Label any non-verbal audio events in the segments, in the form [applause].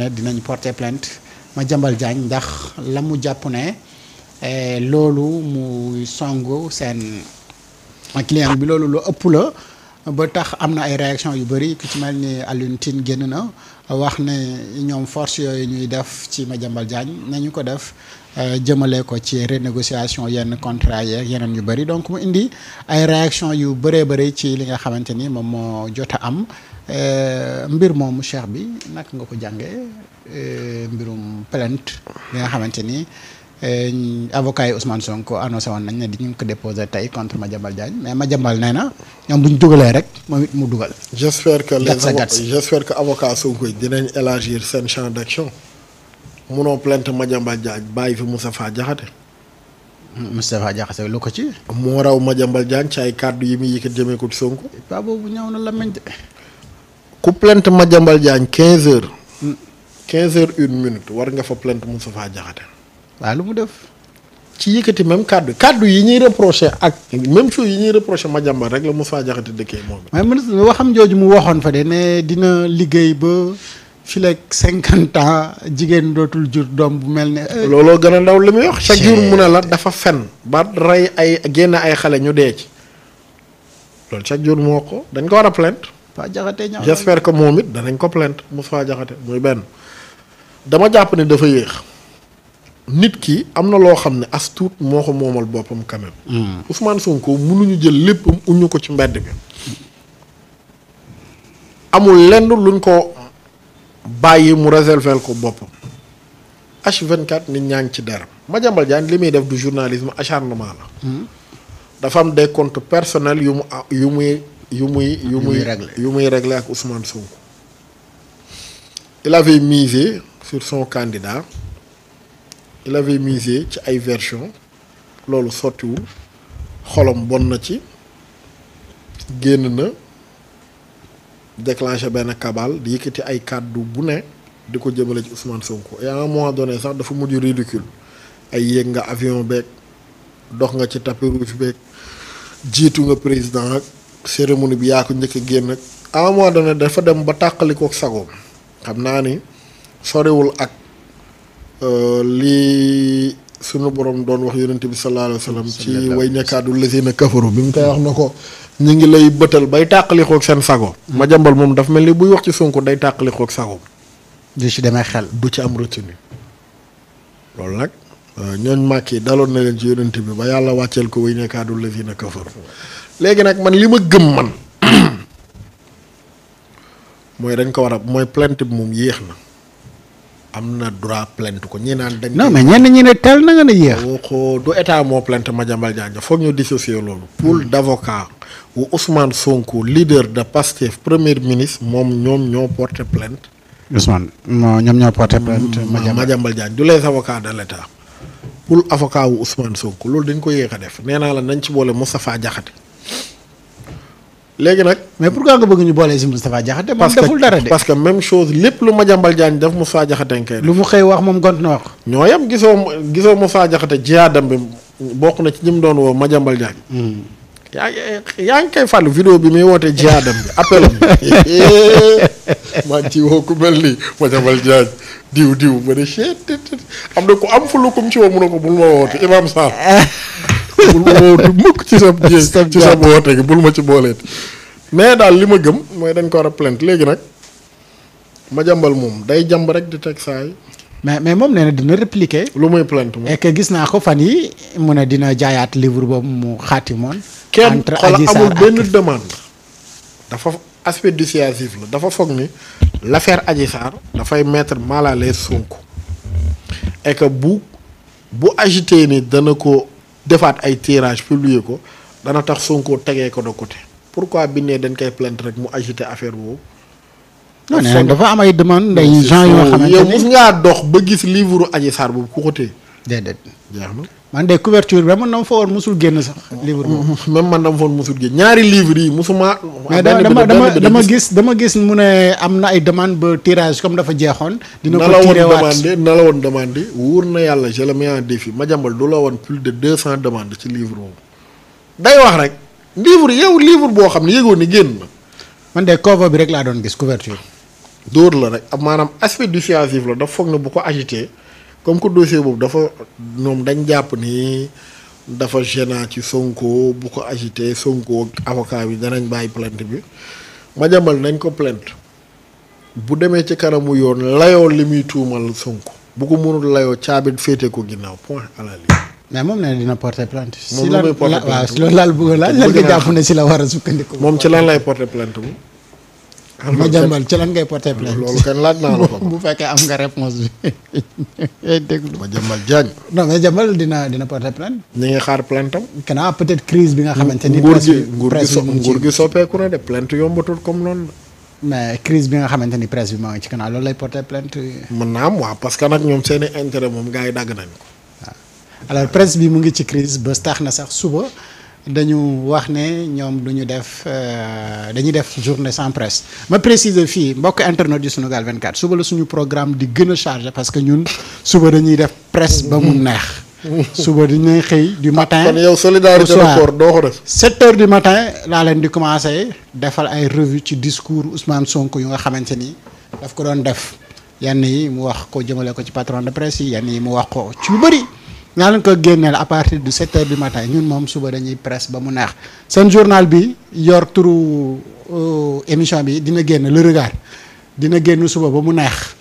ne dinañ porter ma Madiambal Diagne ndax la mu jàpp ne eh, loolu mu songu seen client bi loolu lu ëpp la ba tax am na ay réaction yu bëri ku ci mel ni Alioune génn na wax ne ñoom force yooyu ñuy def ci ma Madiambal Diagne nañu ko def Euh, jëmalee ko ci renégociation yenn contrat yeneen yu bari donc mu indi ay réaction yu bëree bëri ci li nga xamante ni moom moo jot a am euh, mbir moomu cheikh bi naka nga ko jàngee euh, mbirum plainte li nga xamante ni avocat yi Ousmane Sonko annoncé woon nañ ne di ñu ngi ko déposé tey contre Madiambal Diagne mais Madiambal nee na ñoom bu ñu dugalee rek moom it mu dugal. j'espère que les avocats j'espère que avocats Sonko dinañ élargir seen champ d'action. munoo plainte Madiambal Diagne bàyyi fi Moustapha Diakhaté. Moustapha Diakhaté lu ko ci. moo raw Madiambal Diagne ci ay kàddu yi muy yëkkat jëmee ko Sonko. paa boobu ñaaw na la meñ de. ku plainte Madiambal Diagne 15 heures. 15 heures une minute war nga fa plainte Moustapha Diakhaté. waaw lu mu def. ci yëkkati même kàddu kàddu yi ñuy reproché ak même chose yi ñuy reproché Madiambal rek la Moustapha Diakhaté dëkkee moom. waaye ministre bi waxam jooju mu waxoon fa de ne dina liggéey ba. fileeg cinquante ans jigéen dootul jur doom bu mel ne. Euh, looloo gën a ndaw li muy wax. chaque jour mu ne la dafa fen ba rey ay génn ay xale ñu dee ci loolu chaque jour moo ko dañ ko war a plainte. waa jaxate ñaaw j'espère moom it danañ ko plainte Moustapha Jaxate muy benn. dama jàpp ne dafa yéex. nit ki am na loo xam ne as moo ko moomal boppam quand même. Hmm. Sonko mënuñu jël léppam uñu ko ci mbedd bi. amul lenn luñ ko. bàyyi mu réserver ko boppam H24 nit ñaa ngi ci deram Madiambal Diagne li muy def du journalisme acharnement la. Hmm. dafa am des comptes personnels yu mu yu muy yu muy. yu muy yu muy réglé ak Ousmane Sonko. il avait misé sur son candidat il avait misé ci ay version loolu sottiwul xolom bon na ci génn na. déclenché benn kabal di yëkkati ay kàddu bu ne di ko jëmale ci Ousmane Sonko et à un moment donné sax dafa mujj ridicule ay yéeg nga avion beeg dox nga ci tapis rouge beeg jiitu nga président ak cérémonie bi yaa ko njëkk a génn ak à un dafa dem ba tàqalikoo ak sagoom xam naa ni soriwul ak euh, li sunu borom doon wax yonente bi sallallahu alayhi wa sallam ci way si lazina kafaru bi mu koy wax na ko ñu ngi lay bëtal bay tàqalikoog seen sago hmm. ma jàmbal moom daf mel ni buy wax ci Sonko day tàqalikoog sago du si demee xel du ci am retenu loolu nag euh, ñooñ màkk yi daloon na leen ci yonente bi ba yàlla wàcceel ko way nekkaadu lazina kafaru léegi nag man li ma gëm man [coughs] mooy dañ ko war a mooy plainte bi moom yéex na am na droit plainte ko ñi naan dañ. non mais ñenn ñi ne teel na nga ne yéex. ko du état moo plainte Madiambal Diagne foog ñu dissocier loolu. pool hmm. d'avocats wu Ousmane Sonko leader de Pastef premier ministre moom ñoom ñoo porté plainte. Ousmane ñoom ñoo porté hmm, plainte. Ah, Madiambal Diagne du les avocats de l'état. pool avocat wu Ousmane Sonko loolu dañ ko yéex a def nee naa la nañ ci boole Moustapha Diakhaté. léegi nag mais pourquoi nga bëgg ñu boole si Moustapha Diakhaté moom deful dara de parce que même chose lépp lu Madiambal Diagne def Moustapha Diakhaté nga koy lu mu xëy wax moom gont na wax ñoo yam gisoo gisoo Moustapha Diakhaté jiyaadam bi bokk na ci ñi mu doon woo Madiambal Diagne hmm. yaa yaa ngi koy fàllu vidéo bi muy woote jiyaadam bi [laughs] maa ngi ciy woo ku mel ni Madiambal Diagne diw diw ne am na ku am fu lu kum ci woo mu ne ko bul ma woote Imam Sarr [laughs] bul ma wootu mukk ci sa [laughs] ma ci booleet mais daal li ma gëm mooy dañ ko war a plainte léegi nag ma jàmbal moom day jàmb rek di teg saay mais mais moom nee na dina répliquer lu muy plainte moom et gis naa ko fan yi mu ne dina jaayaat livre boobu mu xaatimoon kenn xoola amul benn demande dafa aspect dissuasif la dafa foog ni l'affaire Adji Sarr dafay mettre mal à l'aise bu bu agité ni dana ko defaat ay tirage publier ko dana tax Sonko tegee ko de côté pourquoi bi ne dañ koy plainte rek mu agité affaire boobu. non mais dafa am ay demande ay gens yoo xamante ne yow mos ngaa dox ba gis livre Adji Sarr boobu ku ko téye. déedéet jeex na. man de couverture bi man dama fa woon mosul génn sax livre boobu. [laughs] man dama fa woon musul génn ñaari livres yi musuma. mais dama dama dama gis dama gis mu ne am na ay demande ba tirage comme dafa jeexoon. dina ko tiré waat na la woon demandé wóor na yàlla je le mets en défi ma du la woon plus de deux cent demandes ci livre boobu. day wax rek livre yow livre boo xam ne yëgoon ni génn man de cover bi rek laa doon gis couverture. dóor la rek maanaam aspect dissuasif la daf foog na bu ko agité. comme que dossier boobu dafa ñoom dañ jàpp ni dafa gênant ci Sonko bu ko agité Sonko ak avocat bi danañ bàyyi plainte bi Madiambal nañ ko plainte bu demee ci kanamu yoon layoo li muy tuumal Sonko bu ko mënul layoo caabit féete ko ginnaaw point à la ligne. mais moom nee dina porter plainte. moom si lan laal bëgg laaj lan nga jàpp ne si la war a sukkandiku. moom ci lan lay porter plainte bu ma jàmbal ci lan ngay porté plainte loolu kan laaj naa la ko [laughs] bu fekkee am nga réponse bi ngay [laughs] déglu ma jàmbal Diagne non mais jàmbal dina dina porté plainte ñu ngi xaar plainte am kanaa peut-être crise bi nga xamante ni nguur gi nguur gi soppeeku na de plainte yombatul comme noonu mais crise bi nga xamante ni presse bi maa ngi ci kanaa loolu lay porté plainte mën naa am waaw parce que ñoom seeni intérêt moom gars yi dagg nañ ko waaw mu ngi ci crise ba tax na sax suba dañu wax ne ñoom du ñu def euh, dañuy def journée sans presse ma préciser fii mbokk internet yu Sunugal 24 suba la suñu programme di gën a chargé parce que ñun suba dañuy def presse ba mu neex. suba dañuy xëy du matin ah, kon yow solidarité rapport doo ko def. 7 du matin laa leen di commencé defal ay revue ci discours Ousmane sonk yu nga xamante ni daf ko doon def yenn yi mu wax ko jëmale ko ci patron de presse yi yenn yi mu wax ko ci lu bëri. ñaa leen ko génneel à partir du 7 heures du matin ñun moom suba dañuy presse ba mu neex seen journal bi yor turu euh, émission bi dina génn le dina génn suba ba mu neex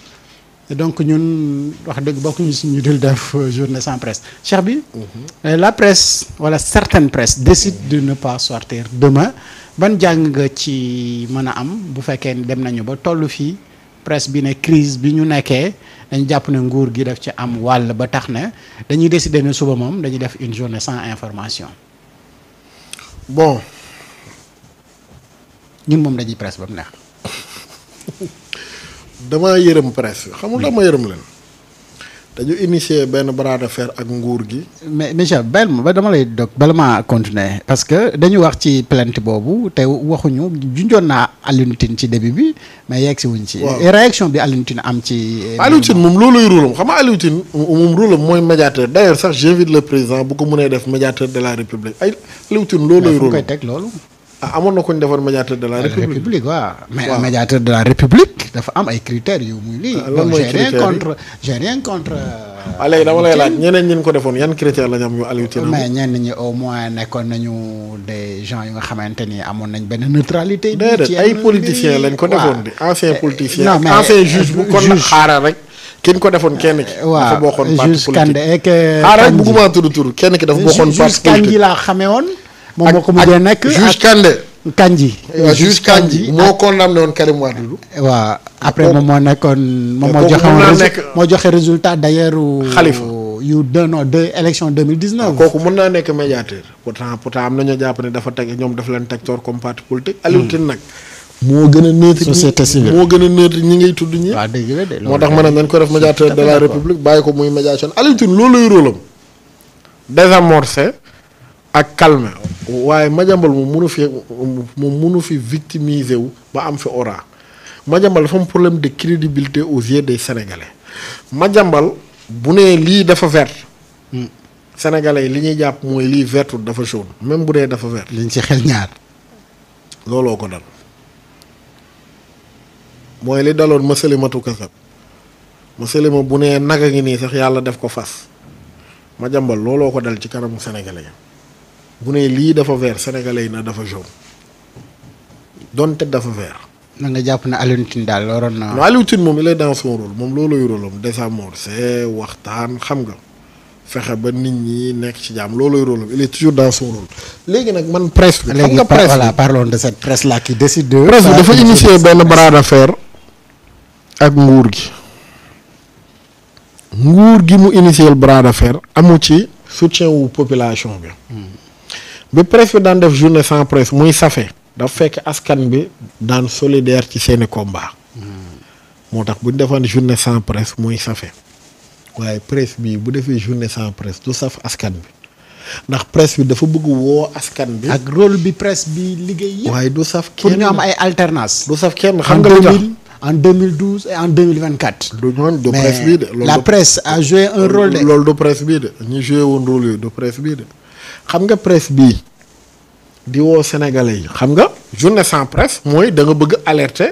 donc ñun wax dëgg bokkuñu si ñu dul def euh, journée sans presse cheikh bi mhm. euh, la presse wala certaines presse décide de ne pas sortir demain ban jàng nga ci mën a am bu fekkee dem nañu ba toll fii presse bi ne crise bi ñu nekkee dañu jàpp ne nguur gi daf ci am wàll ba tax ne dañuy décider ne suba moom dañuy def une journée sans information. bon. ñun moom dañuy presse ba mu neex. [laughs] damaa yërëm presse. xam nga dama yërëm leen. dañu initier benn bras de fer ak nguur gi. mais Michel bàyyil ma ba dama lay dog bala maa continuer parce que dañu wax ci plainte boobu te waxuñu junjoon naa alinutine ci début bi mais yegg si wuñ ci. réaction bi Alioune am ci. Euh, Alioune Tine moom looluy rôlam xam nga Alioune Tine moom rôlam mooy médiateur d' ailleurs sax j'invite le président bu ko mënee def médiateur de la république ay Alioune Tine looluy rôlam loolu. ah amoon na ko ñu defoon médiateur de la ah, république waaw mais médiateur de la république dafa am ay critères yu muy lii ah, donc rien contre j'ai rien contre waaw euh, ah, dama lay laaj ñeneen ñi ko defoon yan critères la ñu am ñu Aliou Tine au moins nekkoon nañu des gens yu nga xamante ni amoon nañ benn neutralité. déedéet ay lañ ko defoon. waaw ancien eh, politicien ancien juge bu eh, kon xaaral rek. kin ko defoon kenn ki. dafa bokkoon parti politique eh, xaaral moom moo ko mujjee nekk juge Kande Kandji juge Kandji moo condamné woon Karim Wade waaw après moom moo nekkoon moom moo joxe moo joxe résultat d'ailleurs Khalifa yu de non deux élection 2019 ah, kooku mën naa nekk médiateur pourtant pourtant am na ñoo jàpp ne dafa teg ñoom dafa leen teg toor comme hmm. nag moo gën a neutre société civile moo gën a neutre ñi ngay tudd ñi waaw dëgg la de moo tax ma ne nañ ko def médiateur de la république bàyyi ko muy médiation Alioune Tine loolu lay rôlam désamorcer waaye Madiambal moom munu fi moom munu fi victimiser wu ba am fi aura Madiambal dafa am problème de crédibilité aux yeux des sénégalais Madiambal bu nee lii dafa vert hmm. sénégalais yi li ñuy jàpp mooy lii vertu dafa jaune même bu dee dafa vert. liñ ci xel ñaar. looloo ko dal mooy li daloon masalimatu kasab masalima bu nee a ngi nii sax yàlla def ko fas Madiambal looloo ko dal ci kanamu sénégalais bu ne lii dafa vert sénégalais yi na dafa jaune donte dafa ver na nga jàpp na Alioune daal waroon naa. non Alioune Tine moom il est dans son rôle moom loolooy rôle am désamorcer waxtaan xam nga fexe ba nit ñi nekk ci jàmm loolooy rôle am il est toujours dans son rôle. léegi nag man presse bi. xam nga presse bi voilà de cette presse là qui décide de. dafa initier benn bras d'affaire ak nguur gi. nguur gi mu initier bras d'affaire amu ci soutien wu population bi. Hmm. bi presse bi daan def journée sans presse muy safe daf fekk askan bi daan solidaire ci seeni combat moo tax bu ñu defaan journée sans presse muy safe waaye presse bii bu defee journée sans presse du saf askan bi ndax presse bi dafa bëgg woo askan bi. ak rôle bi presse bi liggéey yëpp. waaye du saf kenn pour ñu am ay alternance. du saf kenn xam nga lu tax en 2012 et en 2024. du ñoon la presse a joué un rôle de. loolu du presse bii de ñu joué woon rôle yooyu du presse bii de. xam nga presse bii di woo sénégalais yi xam nga journée sans presse mooy da nga bëgg alerter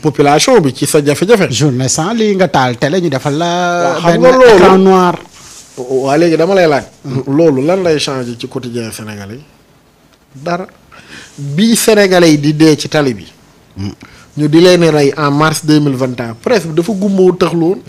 population bi ci sa jafe-jafe. journée sans lii nga taal télé ñu defal la. xam nga loolu benn écran noir. waa léegi dama lay laaj. Hmm. loolu lan lay changer ci quotidien sénégalais yi dara bii sénégalais yi di dee ci tali bi. Hmm. ñu di leen rey en mars deux mille vingt et un bi dafa gumbawu tëxlu woon